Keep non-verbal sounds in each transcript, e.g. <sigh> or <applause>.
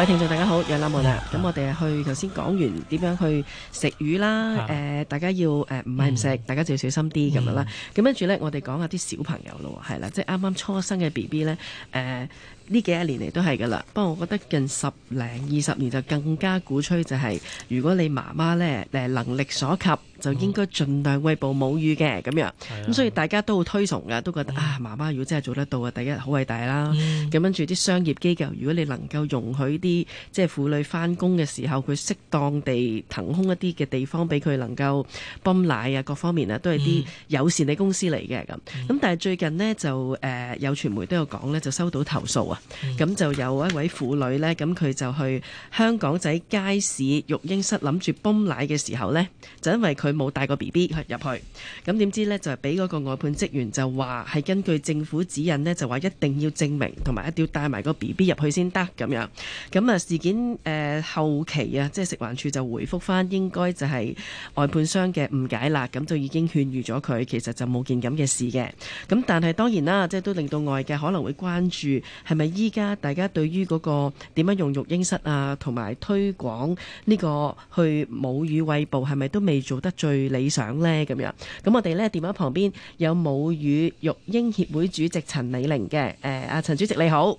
各位聽眾大家好，楊立文。咁我哋去頭先講完點樣去食魚啦、嗯呃，大家要唔係唔食，大家就要小心啲咁、嗯、樣啦。咁跟住咧，我哋講下啲小朋友咯，係啦，即係啱啱初生嘅 B B 咧，呢、呃、幾一年嚟都係噶啦。不過我覺得近十零二十年就更加鼓吹，就係如果你媽媽咧能力所及。就應該盡量餵哺母乳嘅，咁樣，咁、嗯、所以大家都好推崇嘅，都覺得、嗯、啊媽媽如果真係做得到啊，第一好偉大啦。咁跟住啲商業機構如果你能夠容許啲即係婦女翻工嘅時候，佢適當地騰空一啲嘅地方俾佢能夠泵奶啊，各方面啊，都係啲友善嘅公司嚟嘅咁。咁、嗯嗯、但係最近咧就誒、呃、有傳媒都有講咧，就收到投訴啊，咁、嗯、就有一位婦女咧，咁佢就去香港仔街市育嬰室諗住泵奶嘅時候咧，就因為佢。佢冇帶個 B B 入去，咁點知呢？就係俾嗰個外判職員就話係根據政府指引呢，就話一定要證明同埋一定要帶埋個 B B 入去先得咁樣。咁啊事件誒、呃、後期啊，即係食環署就回覆翻，應該就係外判商嘅誤解啦。咁就已經勸喻咗佢，其實就冇件咁嘅事嘅。咁但係當然啦，即係都令到外界可能會關注係咪依家大家對於嗰、嗰個點樣用育嬰室啊，同埋推廣呢個去母乳餵哺係咪都未做得。最理想呢，咁樣，咁我哋呢電話旁邊有母乳育嬰協會主席陳美玲嘅，誒、呃，阿陳主席你好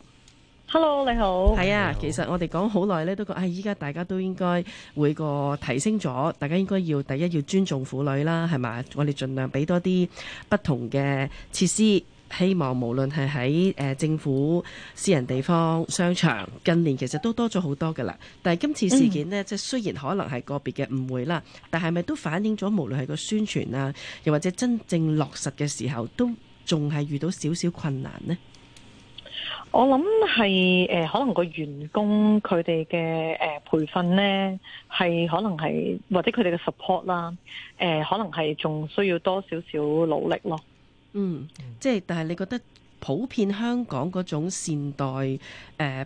，Hello 你好，係啊，其實我哋講好耐呢都覺，誒、哎，依家大家都應該每個提升咗，大家應該要第一要尊重婦女啦，係嘛，我哋盡量俾多啲不同嘅設施。希望無論係喺誒政府、私人地方、商場，近年其實都多咗好多噶啦。但係今次事件呢，嗯、即係雖然可能係個別嘅誤會啦，但係咪都反映咗無論係個宣傳啊，又或者真正落實嘅時候，都仲係遇到少少困難呢？我諗係誒，可能個員工佢哋嘅誒培訓呢，係可能係或者佢哋嘅 support 啦，誒、呃、可能係仲需要多少少努力咯。嗯，即係，但係你覺得普遍香港嗰種善待誒，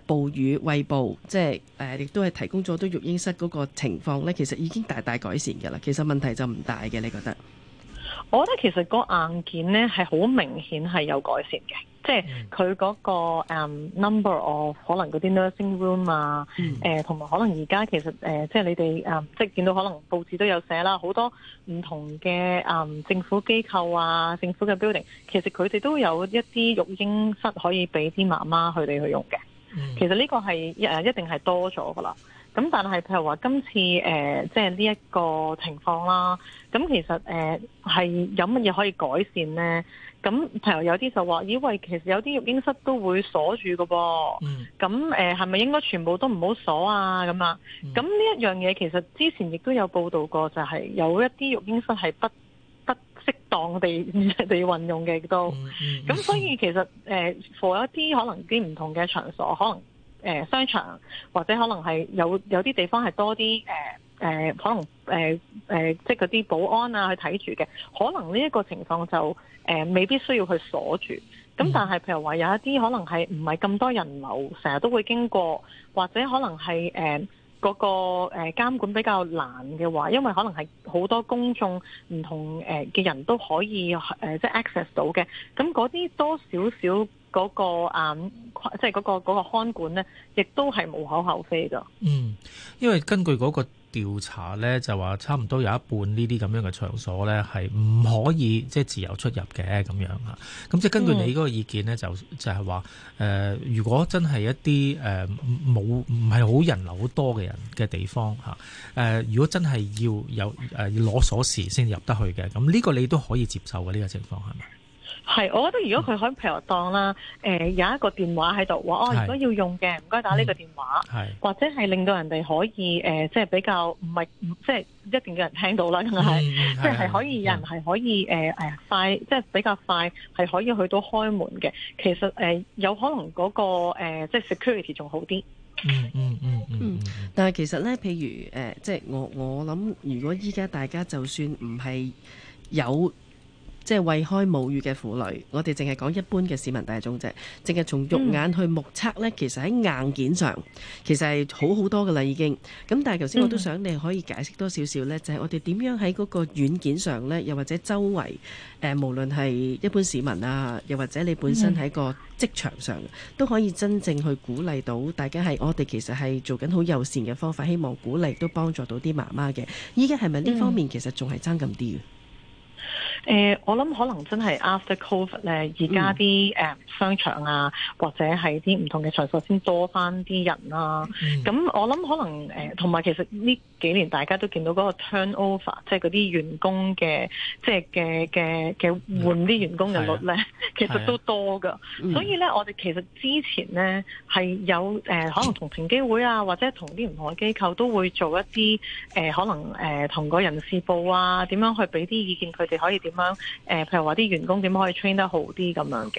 哺乳餵哺，即係誒，亦、呃、都係提供咗多育嬰室嗰個情況咧，其實已經大大改善噶啦。其實問題就唔大嘅，你覺得？我覺得其實個硬件咧係好明顯係有改善嘅。即係佢嗰個、mm. 嗯、number of 可能嗰啲 nursing room 啊，誒同埋可能而家其實誒、呃，即係你哋誒、呃，即係見到可能報紙都有寫啦，好多唔同嘅誒、呃、政府機構啊、政府嘅 building，其實佢哋都有一啲育嬰室可以俾啲媽媽佢哋去用嘅。Mm. 其實呢個係、呃、一定係多咗噶啦。咁但係譬如話今次誒、呃，即係呢一個情況啦。咁其實誒係、呃、有乜嘢可以改善咧？咁、嗯、譬如有啲就話，咦喂，其實有啲育嬰室都會鎖住嘅噃。咁、嗯、誒、係、嗯、咪應該全部都唔好鎖啊？咁啊？咁呢一樣嘢其實之前亦都有報道過，就係有一啲育嬰室係不不適當地 <laughs> 地運用嘅都。咁、嗯嗯嗯、所以其實誒，for 一啲可能啲唔同嘅場所，可能誒、呃、商場或者可能係有有啲地方係多啲誒。呃誒、呃、可能誒誒、呃呃，即係嗰啲保安啊去睇住嘅，可能呢一個情況就誒、呃、未必需要去鎖住。咁但係譬如話有一啲可能係唔係咁多人流，成日都會經過，或者可能係誒、呃、那個個誒監管，比較難嘅話，因為可能係好多公眾唔同誒嘅人都可以誒、呃、即係 access 到嘅。咁嗰啲多少少嗰個啊、呃，即係、那、嗰個嗰、那個看管咧，亦都係無可厚非嘅。嗯，因為根據嗰、那個。調查咧就話差唔多有一半呢啲咁樣嘅場所咧係唔可以即係自由出入嘅，咁樣嚇，咁即係根據你嗰個意見咧、嗯、就就係話，如果真係一啲冇唔係好人流好多嘅人嘅地方，如果真係要有要攞鎖匙先入得去嘅，咁、呢、呢個你都可以接受嘅呢、呢個情況係咪？係，我覺得如果佢可以譬如當啦，誒、嗯呃、有一個電話喺度話，哦，如果要用嘅，唔該打呢個電話，嗯、是或者係令到人哋可以誒、呃，即係比較唔係、呃、即係一定有人聽到啦，咁、嗯、係、嗯，即係可以有人係可以誒誒快，即係比較快係可以去到開門嘅。其實誒、呃、有可能嗰、那個、呃、即係 security 仲好啲。嗯嗯嗯嗯。但係其實咧，譬如誒、呃，即係我我諗，如果依家大家就算唔係有。即係為開母乳嘅婦女，我哋淨係講一般嘅市民大眾啫，淨係從肉眼去目測呢、嗯、其實喺硬件上其實係好好多噶啦已經。咁但係頭先我都想你可以解釋多少少呢，就係我哋點樣喺嗰個軟件上呢？又或者周圍誒、呃，無論係一般市民啊，又或者你本身喺個職場上都可以真正去鼓勵到大家係，我哋其實係做緊好友善嘅方法，希望鼓勵都幫助到啲媽媽嘅。依家係咪呢方面其實仲係爭咁啲？嗯嗯誒、呃，我諗可能真係 after covid 咧，而家啲誒商場啊，或者係啲唔同嘅場所，先多翻啲人啦。咁我諗可能同埋、呃、其實呢幾年大家都見到嗰個 turnover，即係嗰啲員工嘅，即係嘅嘅嘅換啲員工嘅率咧、嗯，其實都多噶、嗯。所以咧，我哋其實之前咧係有誒、呃，可能同平機會啊，或者同啲唔同嘅機構都會做一啲誒、呃，可能、呃、同個人事部啊，點樣去俾啲意見，佢哋可以點。咁樣誒、呃，譬如話啲員工點可以 train 得好啲咁樣嘅，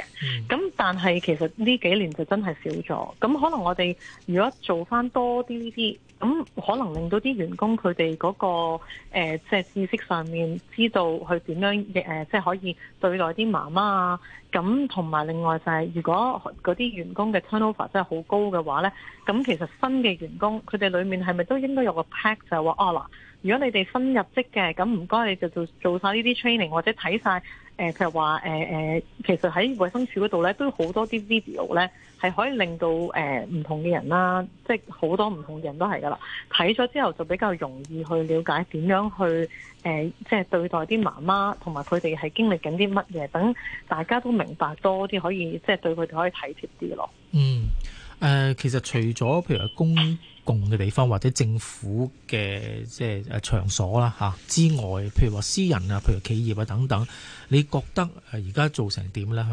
咁、嗯、但係其實呢幾年就真係少咗。咁可能我哋如果做翻多啲呢啲，咁可能令到啲員工佢哋嗰個即係、呃就是、知識上面知道去點樣誒，即、呃、係、就是、可以對待啲媽媽啊。咁同埋另外就係、是，如果嗰啲員工嘅 turnover 真係好高嘅話呢，咁其實新嘅員工佢哋裡面係咪都應該有個 pack 就係話啊啦？哦呃如果你哋新入職嘅，咁唔該，你就做做曬呢啲 training，或者睇曬，誒、呃，譬如話誒誒，其實喺衛生署嗰度咧，都好多啲 video 咧，係可以令到誒唔、呃、同嘅人啦，即係好多唔同嘅人都係噶啦，睇咗之後就比較容易去了解點樣去誒，即、呃、係、就是、對待啲媽媽同埋佢哋係經歷緊啲乜嘢，等大家都明白多啲，可以即係、就是、對佢哋可以體貼啲咯。嗯。誒、呃，其實除咗譬如話公共嘅地方或者政府嘅即係誒場所啦吓、啊、之外，譬如話私人啊，譬如企業啊等等，你覺得誒而家做成點呢？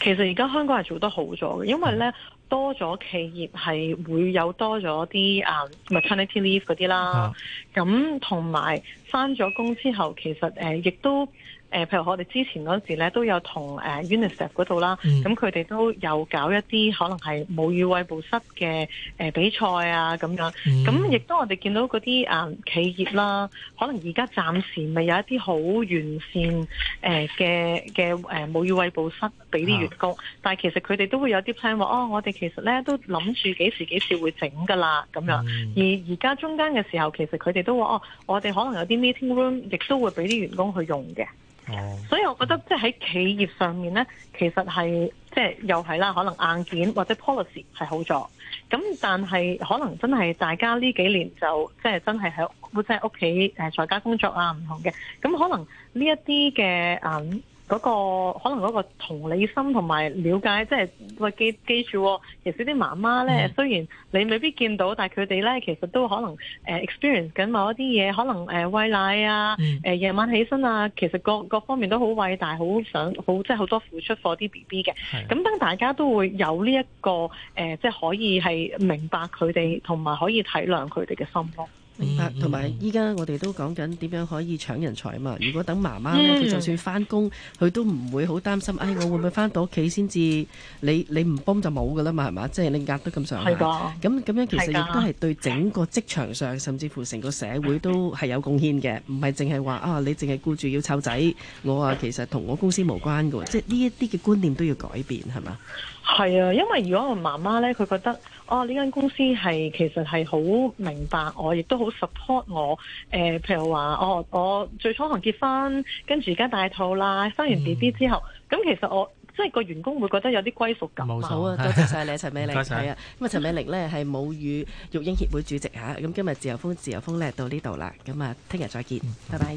其實現在香港其實而家香港係做得好咗嘅，因為呢，嗯、多咗企業係會有多咗啲啊，maternity leave 嗰啲啦，咁同埋翻咗工之後，其實誒亦、呃、都。誒，譬如我哋之前嗰時咧，都有同誒 UNICEF 嗰度啦，咁佢哋都有搞一啲可能係母乳餵哺室嘅誒比賽啊，咁樣。咁、嗯、亦都我哋見到嗰啲企業啦，可能而家暫時未有一啲好完善誒嘅嘅誒母乳餵哺室俾啲員工，啊、但係其實佢哋都會有啲計劃話哦，我哋其實咧都諗住幾時幾時會整㗎啦，咁樣、嗯。而而家中間嘅時候，其實佢哋都話哦，我哋可能有啲 meeting room 亦都會俾啲員工去用嘅。 <noise> 所以我覺得即係喺企業上面咧，其實係即係又係啦，可能硬件或者 policy 係好咗，咁但係可能真係大家呢幾年就即係真係喺即係屋企誒在家工作啊唔同嘅，咁可能呢一啲嘅誒。嗰、嗰個可能嗰個同理心同埋了解，即係會記,記住住、哦，其實啲媽媽咧，mm. 雖然你未必見到，但佢哋咧其實都可能誒、呃、experience 緊某一啲嘢，可能誒、呃、餵奶啊，夜、mm. 呃、晚起身啊，其實各各方面都好偉大，好想好即係好多付出過啲 B B 嘅。咁、mm. 等大家都會有呢、呢、一個誒、呃，即係可以係明白佢哋同埋可以體諒佢哋嘅心咯。明白，同埋依家我哋都講緊點樣可以搶人才嘛？如果等媽媽咧，佢、嗯、就算翻工，佢都唔會好擔心。哎，我會唔會翻到屋企先至？你你唔幫就冇噶啦嘛，係嘛？即係你壓得咁上下，咁咁樣其實亦都係對整個職場上，甚至乎成個社會都係有貢獻嘅。唔係淨係話啊，你淨係顧住要湊仔，我啊其實同我公司無關嘅。即係呢一啲嘅觀念都要改變，係嘛？係啊，因為如果我媽媽呢，佢覺得。哦，呢間公司係其實係好明白我，亦都好 support 我。誒、呃，譬如話，哦，我最初行結婚，跟住而家大肚啦，生完 B B 之後，咁、嗯嗯、其實我即係個員工會覺得有啲歸屬感冇錯啊，多謝晒你， <laughs> 陳美玲。多謝啊。咁啊，陳美玲咧係母乳育嬰協會主席吓。咁、啊、今日自由風，自由風咧到呢度啦。咁啊，聽日再見、嗯，拜拜。